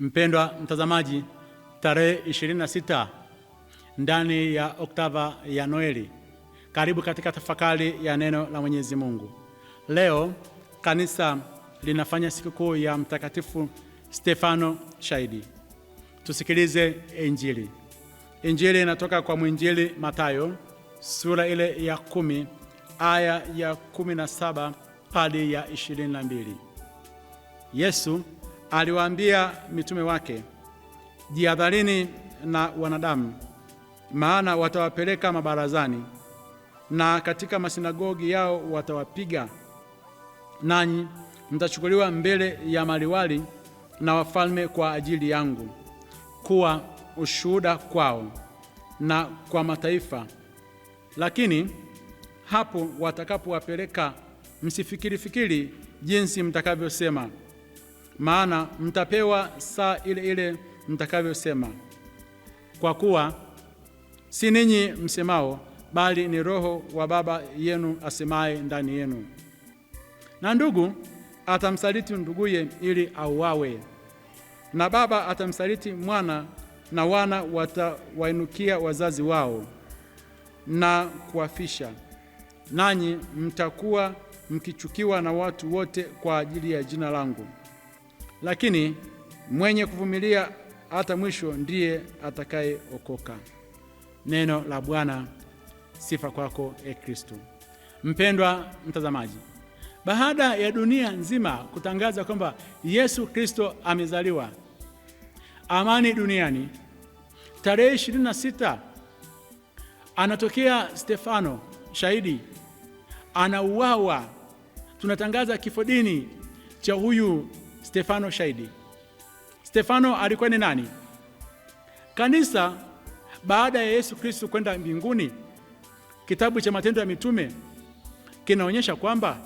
Mpendwa mtazamaji, tarehe 26 ndani ya oktava ya Noeli, karibu katika tafakari ya neno la Mwenyezi Mungu. Leo kanisa linafanya sikukuu ya Mtakatifu Stefano Shahidi. Tusikilize Injili. Injili inatoka kwa mwinjili Matayo sura ile ya kumi aya ya kumi na saba hadi ya ishirini na mbili. Yesu aliwaambia mitume wake, jihadharini na wanadamu, maana watawapeleka mabarazani na katika masinagogi yao watawapiga, nanyi mtachukuliwa mbele ya maliwali na wafalme kwa ajili yangu, kuwa ushuhuda kwao na kwa mataifa. Lakini hapo watakapowapeleka, fikiri jinsi mtakavyosema maana mtapewa saa ile ile mtakavyosema. Kwa kuwa si ninyi msemao, bali ni Roho wa Baba yenu asemaye ndani yenu. Na ndugu atamsaliti nduguye ili auawe, na baba atamsaliti mwana, na wana watawainukia wazazi wao na kuwafisha. Nanyi mtakuwa mkichukiwa na watu wote kwa ajili ya jina langu lakini mwenye kuvumilia hata mwisho ndiye atakayeokoka. Neno la Bwana. Sifa kwako e Kristo. Mpendwa mtazamaji, baada ya dunia nzima kutangaza kwamba Yesu Kristo amezaliwa, amani duniani, tarehe ishirini na sita anatokea Stefano shahidi, anauawa. Tunatangaza kifo dini cha huyu Stefano shahidi. Stefano alikuwa ni nani? Kanisa baada ya Yesu Kristo kwenda mbinguni, kitabu cha Matendo ya Mitume kinaonyesha kwamba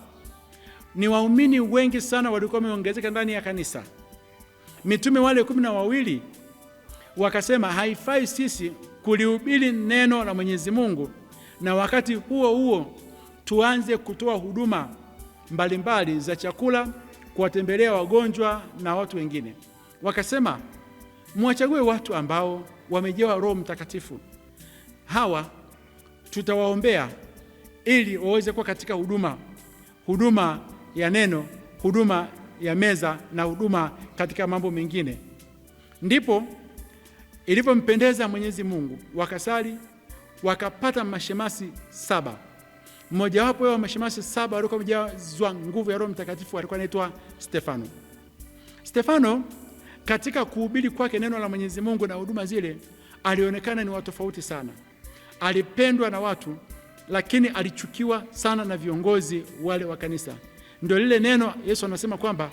ni waumini wengi sana walikuwa wameongezeka ndani ya kanisa. Mitume wale kumi na wawili wakasema haifai sisi kulihubiri neno la Mwenyezi Mungu na wakati huo huo tuanze kutoa huduma mbalimbali za chakula kuwatembelea wagonjwa na watu wengine. Wakasema mwachague watu ambao wamejawa Roho Mtakatifu, hawa tutawaombea ili waweze kuwa katika huduma, huduma ya neno, huduma ya meza na huduma katika mambo mengine. Ndipo ilivyompendeza Mwenyezi Mungu, wakasali wakapata mashemasi saba. Mmojawapo wa mashemasi saba walikuwa wamejazwa nguvu ya Roho Mtakatifu alikuwa anaitwa Stefano. Stefano katika kuhubiri kwake neno la Mwenyezi Mungu na huduma zile, alionekana ni wa tofauti sana. Alipendwa na watu, lakini alichukiwa sana na viongozi wale wa kanisa. Ndio lile neno Yesu anasema kwamba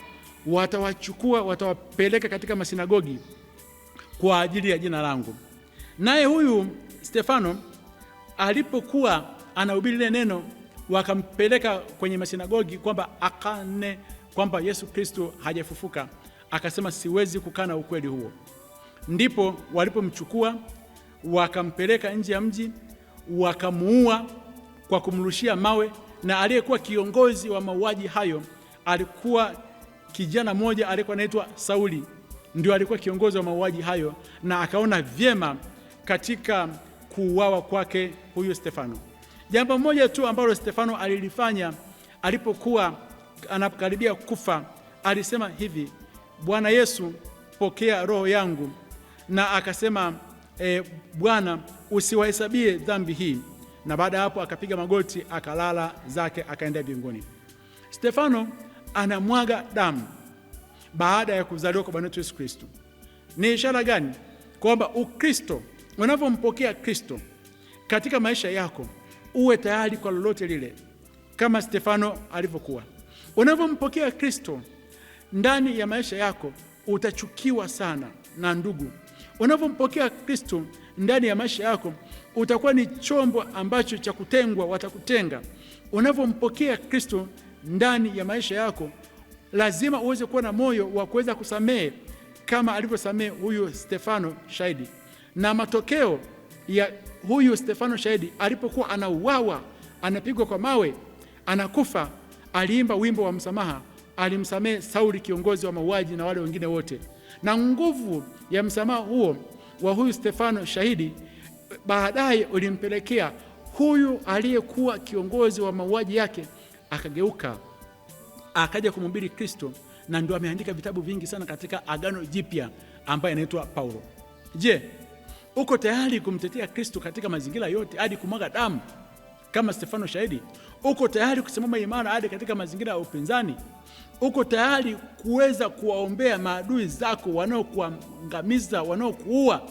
watawachukua, watawapeleka katika masinagogi kwa ajili ya jina langu. Naye huyu Stefano alipokuwa anahubiri ile neno, wakampeleka kwenye masinagogi kwamba akane kwamba Yesu Kristo hajafufuka. Akasema siwezi kukana ukweli huo. Ndipo walipomchukua wakampeleka nje ya mji, wakamuua kwa kumrushia mawe, na aliyekuwa kiongozi wa mauaji hayo alikuwa kijana mmoja aliyekuwa anaitwa Sauli, ndio alikuwa kiongozi wa mauaji hayo, na akaona vyema katika kuuawa kwake huyu Stefano. Jambo moja tu ambalo Stefano alilifanya alipokuwa anakaribia kufa, alisema hivi, Bwana Yesu, pokea roho yangu, na akasema e, Bwana usiwahesabie dhambi hii. Na baada ya hapo akapiga magoti akalala zake akaenda mbinguni. Stefano anamwaga damu baada ya kuzaliwa kwa Bwana wetu Yesu Kristo. Ni ishara gani? Kwamba Ukristo, unavyompokea Kristo katika maisha yako uwe tayari kwa lolote lile, kama Stefano alivyokuwa. Unavyompokea Kristo ndani ya maisha yako, utachukiwa sana na ndugu. Unavyompokea Kristo ndani ya maisha yako, utakuwa ni chombo ambacho cha kutengwa, watakutenga. Unavyompokea Kristo ndani ya maisha yako, lazima uweze kuwa na moyo wa kuweza kusamehe kama alivyosamehe huyu Stefano shahidi, na matokeo ya huyu Stefano Shahidi alipokuwa anauawa, anapigwa kwa mawe, anakufa, aliimba wimbo wa msamaha, alimsamehe Sauli kiongozi wa mauaji na wale wengine wote. Na nguvu ya msamaha huo wa huyu Stefano Shahidi baadaye ulimpelekea huyu aliyekuwa kiongozi wa mauaji yake akageuka akaja kumhubiri Kristo, na ndio ameandika vitabu vingi sana katika Agano Jipya ambaye anaitwa Paulo. Je, uko tayari kumtetea Kristo katika mazingira yote hadi kumwaga damu kama Stefano shahidi. Uko tayari kusimama imara hadi katika mazingira ya upinzani. Uko tayari kuweza kuwaombea maadui zako wanaokuangamiza, wanaokuua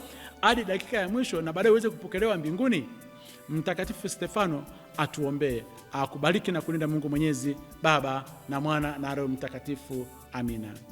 hadi dakika ya mwisho, na baadaye uweze kupokelewa mbinguni. Mtakatifu Stefano atuombee. Akubariki na kulinda Mungu Mwenyezi, Baba na Mwana na Roho Mtakatifu. Amina.